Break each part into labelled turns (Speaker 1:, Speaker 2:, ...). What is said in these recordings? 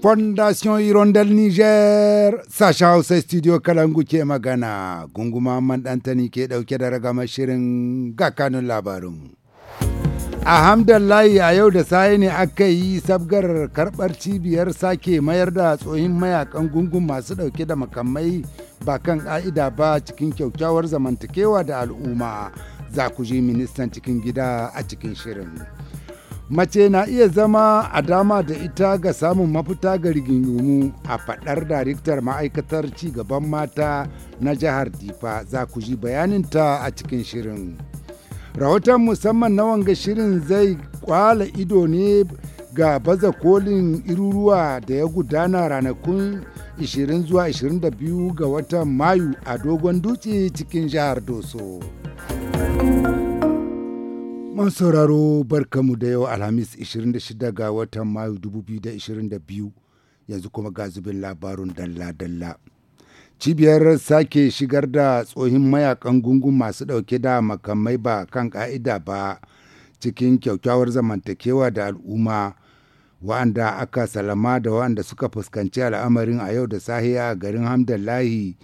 Speaker 1: fondation irondel niger sasha hausa studio kalangu ke magana gunguma man dantani ke dauke da ragama shirin gakanin labarin alhamdulillah a yau da saye ne aka yi sabgar karɓar cibiyar sake mayar da tsohin mayakan gungun masu ɗauke da makamai ba kan ƙa'ida ba cikin kyaukyawar zamantakewa da al'umma za ku ji ministan cikin gida a cikin shirin. mace na iya zama a dama da ita ga samun mafita ga rigingimu a fadar daraktar ma'aikatar cigaban mata na jihar difa za ku ji bayaninta a cikin shirin rahoton musamman na wanga shirin zai kwala ido ne ga baza kolin iruruwa da ya gudana ranakun 20 zuwa 22 ga watan mayu a dogon dutse cikin jihar doso. Masu sauraro barkamu da yau Alhamis 26 ga watan Mayu 2022 yanzu kuma ga zubin labarun dalla-dalla. Cibiyar sake shigar da tsohin mayakan gungun masu ɗauke da makamai ba kan ƙa'ida ba cikin kyaukyawar zamantakewa da al'umma wa'anda aka salama da wa'anda suka fuskanci al'amarin a yau da sahiya a garin Hamdallahi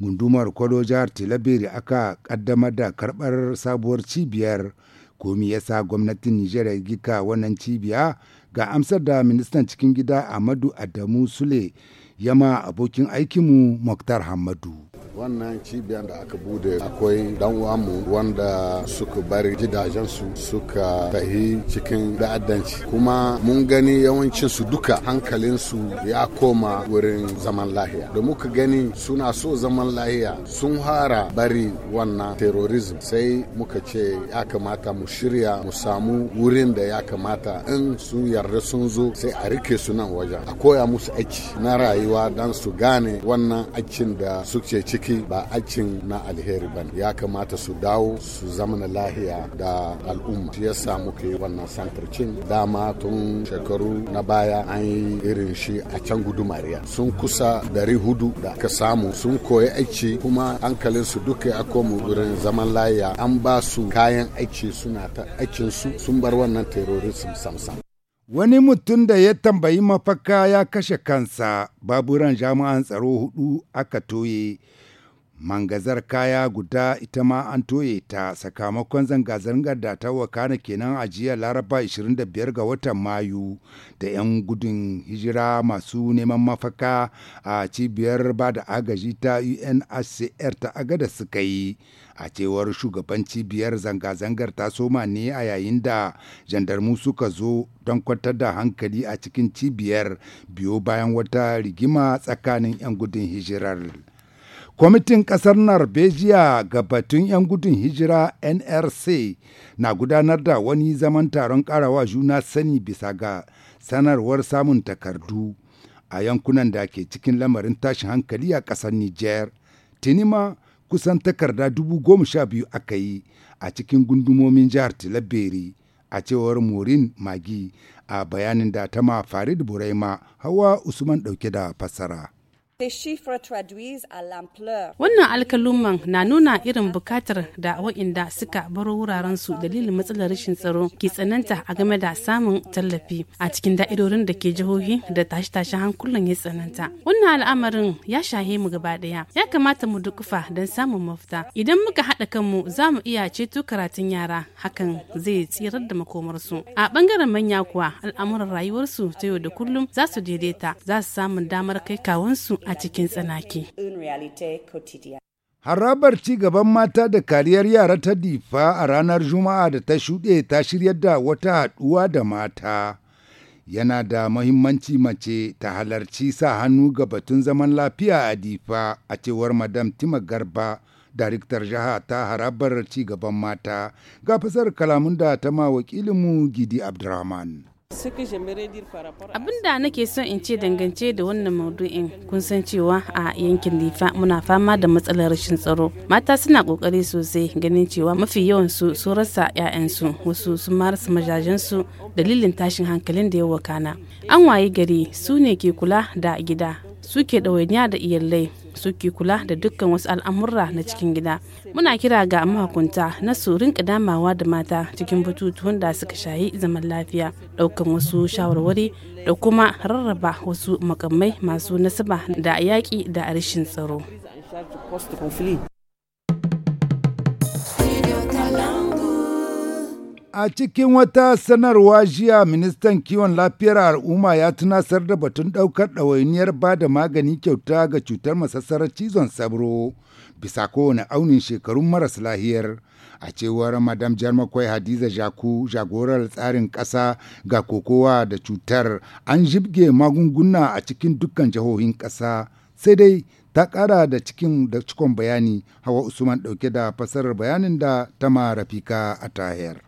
Speaker 1: gundumar kwalo jihar Tilabiri aka ƙaddamar da karɓar sabuwar cibiyar. komi ya sa gwamnatin nijar ya gika wannan cibiya ga amsar da ministan cikin gida ahmadu adamu sule yama abokin aikinmu muktar hamadu
Speaker 2: wannan cibiyar da aka bude akwai dan uwanmu wanda suka bari gidajensu suka tahi cikin da'addanci kuma mun gani yawancin su duka hankalinsu ya koma wurin zaman lahiya da muka gani suna so zaman lahiya sun hara bari wannan terrorism sai muka ce ya kamata mu shirya mu samu wurin da ya kamata in sun yarda sun zo sai a rike su nan wajen a koya musu aiki na rayuwa dan su gane wannan aikin da suke ciki ba aikin na alheri ba ya kamata su dawo su zamana lahiya da al'umma shi ya samu ke wannan santarcin dama tun shekaru na baya an yi irin shi a can gudu mariya sun kusa dari hudu da ka samu sun koyi aiki kuma hankalin su duka ya komu wurin zaman lahiya an ba su kayan aiki suna ta aikin su sun bar wannan terrorism samsam Wani mutum da ya tambayi mafaka
Speaker 1: ya kashe kansa, baburan jami'an tsaro hudu aka toye. mangazar kaya guda ita ma an toye ta sakamakon zanga-zangar da ta wakana kenan a jiya laraba 25 ga watan mayu da 'yan gudun hijira masu neman mafaka a cibiyar ba da agaji ta unhcr ta agada suka yi a cewar shugaban cibiyar zanga-zangar ta soma ne a yayin da jandarmu suka zo don kwantar da hankali a cikin cibiyar biyo bayan wata rigima tsakanin 'yan gudun hijirar. Kwamitin ƙasar Narbejiya ga batun 'yan gudun hijira NRC na gudanar da wani zaman taron ƙarawa juna sani bisa ga sanarwar samun takardu a yankunan da ke cikin lamarin tashin hankali a ƙasar tuni Tinima kusan takarda dubu goma sha biyu aka yi a cikin gundumomin jihar tilabere a cewar Morin Magi a bayanin da ta ma Farid Buraima Hawa Usman ɗauke da
Speaker 3: fassara.
Speaker 2: Wannan
Speaker 3: alkaluman na nuna irin bukatar da waɗanda suka baro wuraren su dalilin matsalar rashin tsaro ke tsananta a game da samun tallafi a cikin da'irorin da ke jihohi da tashe tashi hankulan ya tsananta. Wannan al'amarin ya shahe mu gaba ɗaya. Ya kamata mu dukufa don samun mafita. Idan muka haɗa kanmu za mu iya ceto karatun yara hakan zai tsirar da makomarsu. A bangaren manya kuwa al'amuran rayuwarsu ta yau da kullum za su daidaita za su samu damar kai kawunsu a cikin tsanaki.
Speaker 1: Harabar ci gaban mata da kariyar yara ta difa a ranar Juma'a da ta shuɗe ta shiryar da wata haɗuwa da mata. Yana da mahimmanci mace ta halarci sa hannu ga batun zaman lafiya a difa a cewar Madam Tima Garba, Daraktar Jiha ta harabar ci gaban mata, ga fasar kalamun da ta ma wakilinmu Gidi
Speaker 3: Abdurrahman. Abin da nake son in ce dangance da wannan maudu'in kun san cewa a yankin Lifa muna fama da matsalar rashin tsaro. Mata suna kokari sosai ganin cewa mafi yawan su sun rasa 'ya'yansu wasu sun marasa rasa majajensu dalilin tashin hankalin da ya wakana. An waye gari su ne ke kula da gida, suke ɗawainiya da iyalai suke kula da dukkan wasu al'amurra na cikin gida muna kira ga mahakunta na su rinka damawa da mata cikin batutuwan da suka shayi zaman lafiya daukan wasu shawarwari da kuma rarraba wasu makamai masu nasaba da yaƙi da rashin tsaro A cikin wata
Speaker 1: sanarwa jiya ministan kiwon lafiyar al'umma ya tunasar da batun ɗaukar ɗawainiyar ba da magani kyauta ga cutar masassarar cizon sabro bisa kowane aunin shekarun maras lahiyar. A cewar Madam Jarmakwai Hadiza Jaku jagorar tsarin ƙasa ga kokowa da cutar an jibge magunguna a cikin dukkan jihohin ƙasa sai dai ta ƙara da cikin da cikon bayani hawa Usman ɗauke da fasarar bayanin da ta Rafika a tahiyar.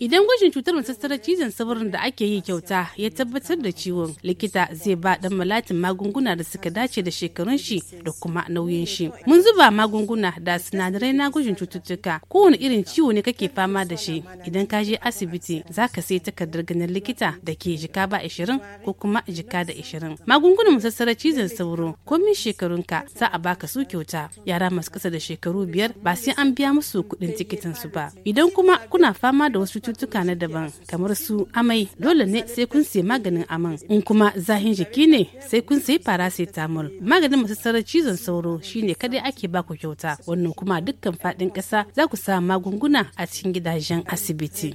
Speaker 3: Idan gwajin cutar matattarar cizon saurin da ake yi kyauta ya tabbatar da ciwon likita zai ba dan malatin magunguna da suka dace da shekarun shi da kuma nauyin shi. Mun zuba magunguna da sinadarai na gwajin cututtuka kowane irin ciwo ne kake fama da shi idan ka je asibiti za ka sai takardar ganin likita da ke jika ba 20 ko kuma jika da 20 Magungunan matattarar cizon sauro komin shekarunka za a baka su kyauta yara masu kasa da shekaru biyar ba sai an biya musu kuɗin tikitin su ba. idan kuma kuna fama da wasu cututtuka na daban kamar su amai dole ne sai kun siya maganin aman in kuma zahin jiki ne sai kun sayi paracetamol maganin masu sarar cizon sauro shine kadai ake ba ku kyauta wannan kuma dukkan fadin kasa za ku sa magunguna a cikin gidajen asibiti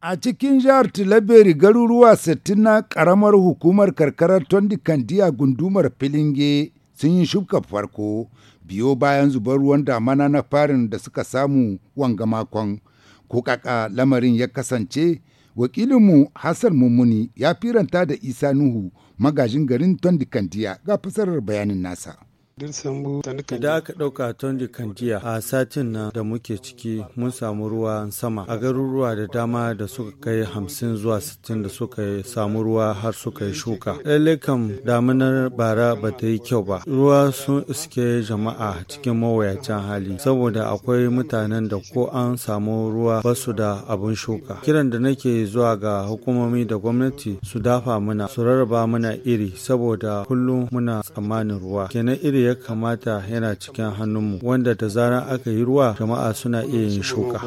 Speaker 1: A cikin jihar Tilaberi garuruwa sittin na ƙaramar hukumar karkarar Tondi Kandiya gundumar Filinge sun yi shuka farko biyo bayan zubar ruwan damana na farin da suka samu wanga makon ko kaka lamarin ya kasance wakilinmu hassan mummuni ya firanta da isa nuhu magajin garin tondikandiya ga fasarar bayanin nasa
Speaker 2: idan
Speaker 4: aka ɗauka tondi kan jiya a satin nan da muke ciki mun samu ruwa sama a garuruwa da dama da suka kai hamsin zuwa sittin da suka samu ruwa har suka yi shuka. Lallai kam damunar bara ba ta yi kyau ba. Ruwa sun iske jama'a cikin mawuyacin hali saboda akwai mutanen da ko an samu ruwa ba su da abun shuka. Kiran da nake zuwa ga hukumomi da gwamnati su dafa mana su rarraba mana iri saboda kullum muna tsammanin ruwa. Kenan iri ya kamata yana cikin hannunmu wanda ta zarar aka yi ruwa jama'a suna iya yin shuka.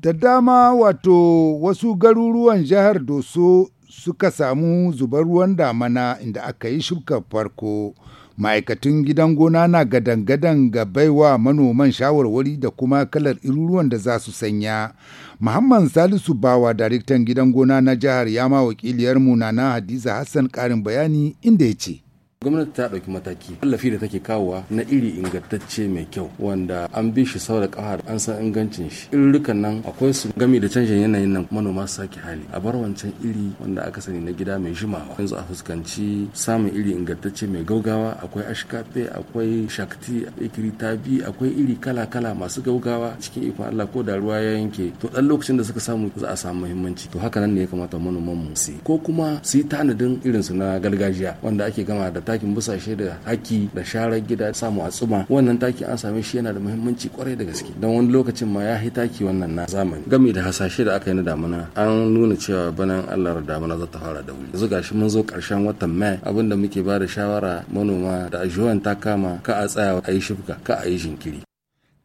Speaker 1: Da dama wato wasu garuruwan jihar Doso suka samu zubar ruwan damana inda aka yi shuka farko. Ma'aikatan gidan gona na gadan-gadan ga baiwa manoman shawarwari da kuma kalar iruruwan da za su sanya. Muhammad Salisu Bawa daraktan gidan gona na jihar ya ma wakiliyarmu na Hadiza Hassan ƙarin bayani inda ya ce.
Speaker 4: gwamnati ta ɗauki mataki tallafi da take kawowa na iri ingantacce mai kyau wanda an bi shi sau da ƙafa an san ingancin shi irrukan nan akwai su gami da canjin yanayin nan manoma su sake hali a bar wancan iri wanda aka sani na gida mai jimawa yanzu a fuskanci samun iri ingantacce mai gaugawa akwai ashkafe akwai shakti ikiri tabi akwai iri kala-kala masu gaugawa cikin ikon Allah ko da ruwa ya yanke to dan lokacin da suka samu za a samu muhimmanci to haka nan ne ya kamata manoman mu su ko kuma su yi tanadin irinsu na gargajiya wanda ake gama da takin busashe da haki da sharar gida samu a tsuma wannan taki an same shi yana da muhimmanci kwarai da gaske don wani lokacin ma ya taki wannan na zamani game da hasashe da aka yi na damuna an nuna cewa banan Allah da damuna za ta fara da wuri yanzu gashi mun zo karshen watan mai abinda muke ba da shawara manoma da ajuwan ta kama ka a tsaya a yi shifka ka a yi jinkiri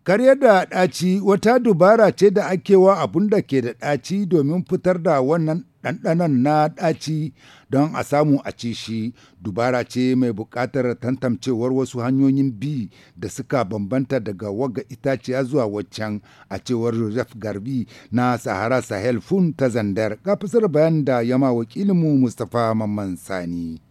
Speaker 4: Karyar da
Speaker 1: ɗaci wata dubara ce da akewa abun da ke da ɗaci domin fitar da wannan ɗanɗanon na ɗaci don a samu a ci shi dubara ce mai buƙatar tantancewar wasu hanyoyin bi da suka bambanta daga waga itaciya zuwa waccan a cewar joseph garbi na sahara sahel fun ta zandar ga fasar bayan da yama wakilinmu mustapha mamman sani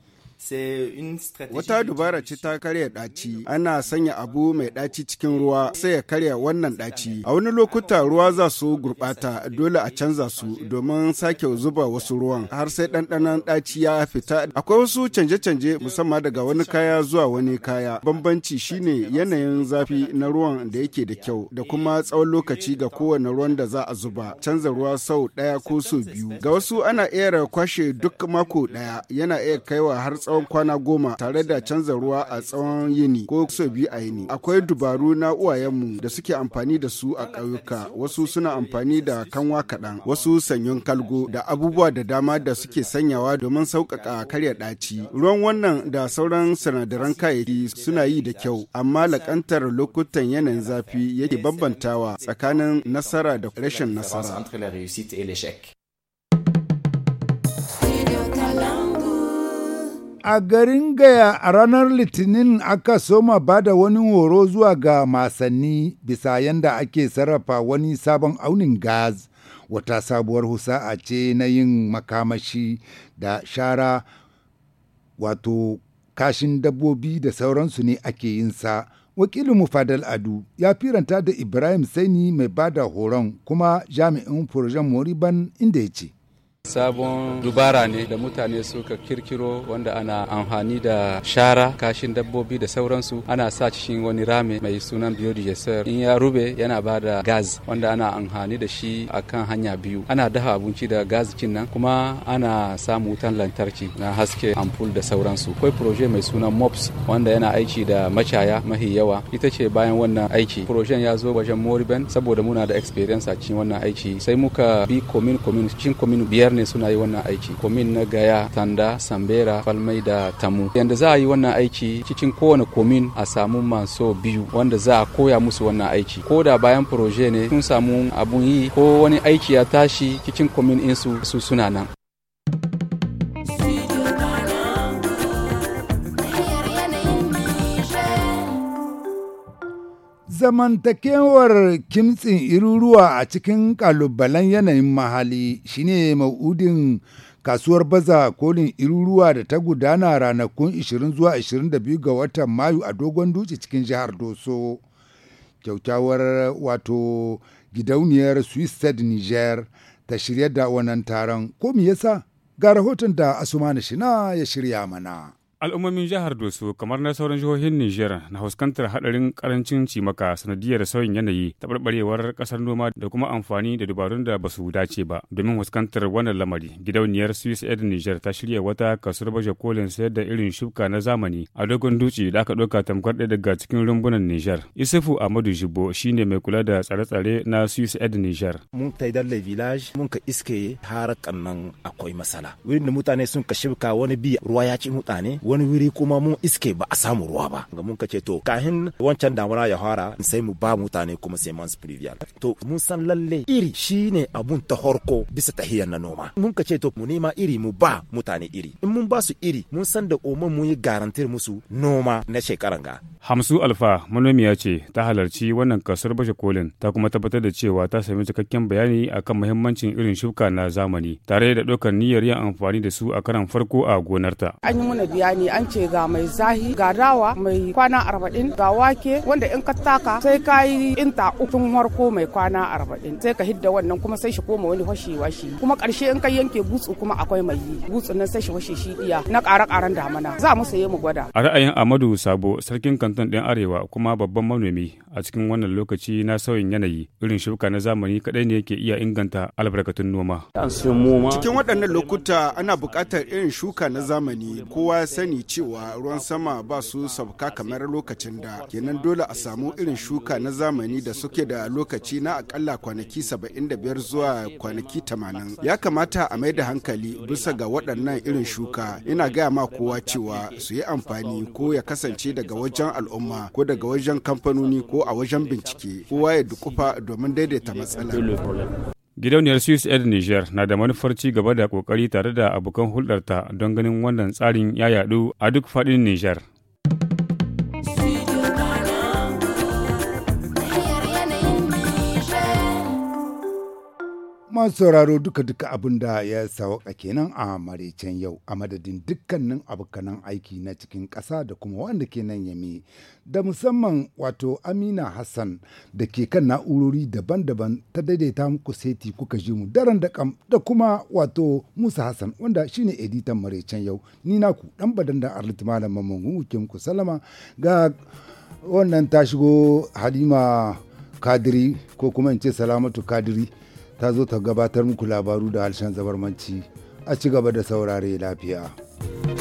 Speaker 2: Wata dubara ce ta karya ɗaci, ana sanya abu mai ɗaci cikin ruwa sai ya karya wannan ɗaci. A wani lokuta ruwa za su gurɓata dole a canza su domin sake zuba wasu ruwan har sai ɗanɗanon ɗaci ya fita. Akwai wasu canje-canje musamman daga wani kaya zuwa wani kaya. Bambanci shine yanayin zafi na ruwan da yake da kyau da kuma tsawon lokaci ga kowane ruwan da za a zuba. Canza ruwa sau ɗaya ko sau biyu. Ga wasu ana iya kwashe duk mako ɗaya yana iya kaiwa har tsawon kwana goma tare da canza ruwa a tsawon yini ko so biyu a yini. Akwai dubaru na uwayenmu da suke amfani da su a ƙauyuka, wasu suna amfani da kanwa kaɗan, wasu sanyon kalgo da abubuwa da dama da suke sanyawa domin sauƙaƙa karya ɗaci. Ruwan wannan da sauran sinadaran kayayyaki suna yi da kyau, amma laƙantar lokutan yanayin zafi yake bambantawa tsakanin nasara da rashin nasara.
Speaker 1: a garin gaya a ranar litinin aka soma ba da wani horo zuwa ga masanni bisa yadda ake sarrafa wani sabon aunin gas wata sabuwar husa'a ce na yin makamashi da shara wato kashin dabbobi da sauransu ne ake yin sa wakilin mufadal adu ya firanta da ibrahim saini mai bada horon kuma jami'in furjan moriban inda ya ce
Speaker 4: sabon dubara ne da mutane suka kirkiro wanda ana amfani da shara kashin dabbobi da sauransu ana sa cikin wani rame mai sunan biodigesel in ya rube yana ba da gaz. wanda ana amfani da shi A kan hanya biyu ana dafa abinci da gaz cin nan kuma ana samu wutan lantarki na haske ampul da sauransu akwai proje mai sunan mops wanda yana aiki da macaya mahi yawa ita ce bayan wannan aiki projen ya zo wajen moriben saboda muna da experience a cikin wannan aiki sai muka bi komin komin cikin komin biyar biyar ne suna yi wannan aiki komin na gaya tanda sambera falmai da tamu yanda za a yi wannan aiki cikin kowane komin a samu maso biyu wanda za a koya musu wannan aiki ko da bayan proje ne sun samu abun yi ko wani aiki ya tashi cikin komin insu su suna nan
Speaker 1: Zamantakewar kimtsin iruruwa a cikin kalubalen yanayin mahali shine ma'udin kasuwar baza kolin iruruwa da ta gudana ranakun 20 zuwa 22 ga watan Mayu a dogon dutse cikin jihar Doso. Kyaukyawar wato gidauniyar Swiss Niger ta shirya da wannan taron ko me yasa ga rahoton da Asumani Shina ya shirya mana.
Speaker 5: al'ummomin jihar doso kamar na sauran jihohin niger na fuskantar hadarin karancin cimaka sanadiyar sauyin yanayi taɓarɓarewar kasar noma da kuma amfani da dabarun da basu dace ba domin fuskantar wannan lamari gidauniyar swiss aid niger ta shirya wata kasuwar baje kolin sayar da irin shuka na zamani a dogon dutse da aka ɗauka tamkar ɗaya daga cikin rumbunan niger isufu amadu jibo shine mai kula da tsare-tsare na swiss aid niger
Speaker 1: mun taidar da village mun ka iske harakan nan akwai masala wurin da mutane sun ka shuka wani bi ruwa ya ci mutane wani wuri kuma mun iske ba a samu ruwa ba ga mun kace to kahin wancan damuna ya fara sai mu ba mutane kuma sai man spiritual to mun san lalle iri shine abun ta horko bisa tahiyar na noma mun kace to
Speaker 2: mu nema iri mu ba mutane iri in mun ba su iri mun san da oman mun yi garantir musu noma na shekaran ga
Speaker 5: Hamsu Alfa manomiya ce ta halarci wannan kasar bashe kolin ta kuma tabbatar da cewa ta sami cikakken bayani akan muhimmancin irin shuka na zamani tare da ɗaukar niyyar yin amfani da su a karan farko a gonarta.
Speaker 3: An yi mana bayani ne an ce ga mai zahi ga dawa mai kwana arba'in ga wake wanda in ka taka sai ka yi in inta ukun harko mai kwana arba'in sai ka hidda wannan kuma sai shi koma wani fashewa shi kuma karshe in ka yanke gutsu kuma akwai mai yi gutsu nan sai shi fashe shi iya na ƙara-ƙaran damana za mu saye mu gwada.
Speaker 5: A ra'ayin Amadu Sabo sarkin kanton ɗin Arewa kuma babban manomi a cikin wannan lokaci na sauyin yanayi irin shuka na zamani kaɗai ne ke iya inganta albarkatun noma.
Speaker 2: Cikin waɗannan lokuta ana buƙatar irin shuka na zamani kowa ya sani cewa ruwan sama ba su sauka kamar lokacin da kenan dole a samu irin shuka na zamani da suke da lokaci na akalla kwanaki 75 zuwa kwanaki 80 ya kamata a mai da hankali bisa ga waɗannan irin shuka ina gaya ma kowa cewa su yi amfani ko ya kasance daga wajen al'umma ko daga wajen kamfanoni ko a wajen bincike kowa ya dukufa domin daidaita matsala.
Speaker 5: Gidauniyar Swiss Aid Niger na da manufar ci gaba da kokari tare da abokan hulɗarta don ganin wannan tsarin ya yaɗu a duk faɗin Niger.
Speaker 1: masu sauraro duka-duka abin da ya sauka kenan a maraicen yau a madadin dukkanin abokanan aiki na cikin kasa da kuma wanda ke nan yami da musamman wato amina hassan da ke kan na'urori daban-daban ta daidaita muku seti kuka ji mu daren da kam da kuma wato musa hassan wanda shine editan maraicen yau ni naku dan badan da arlit malam mamman ke muku salama ga wannan ta shigo halima kadiri ko kuma in ce salamatu kadiri ta zo ta gabatar muku labaru da harshen zabarmanci a ci gaba da saurare lafiya.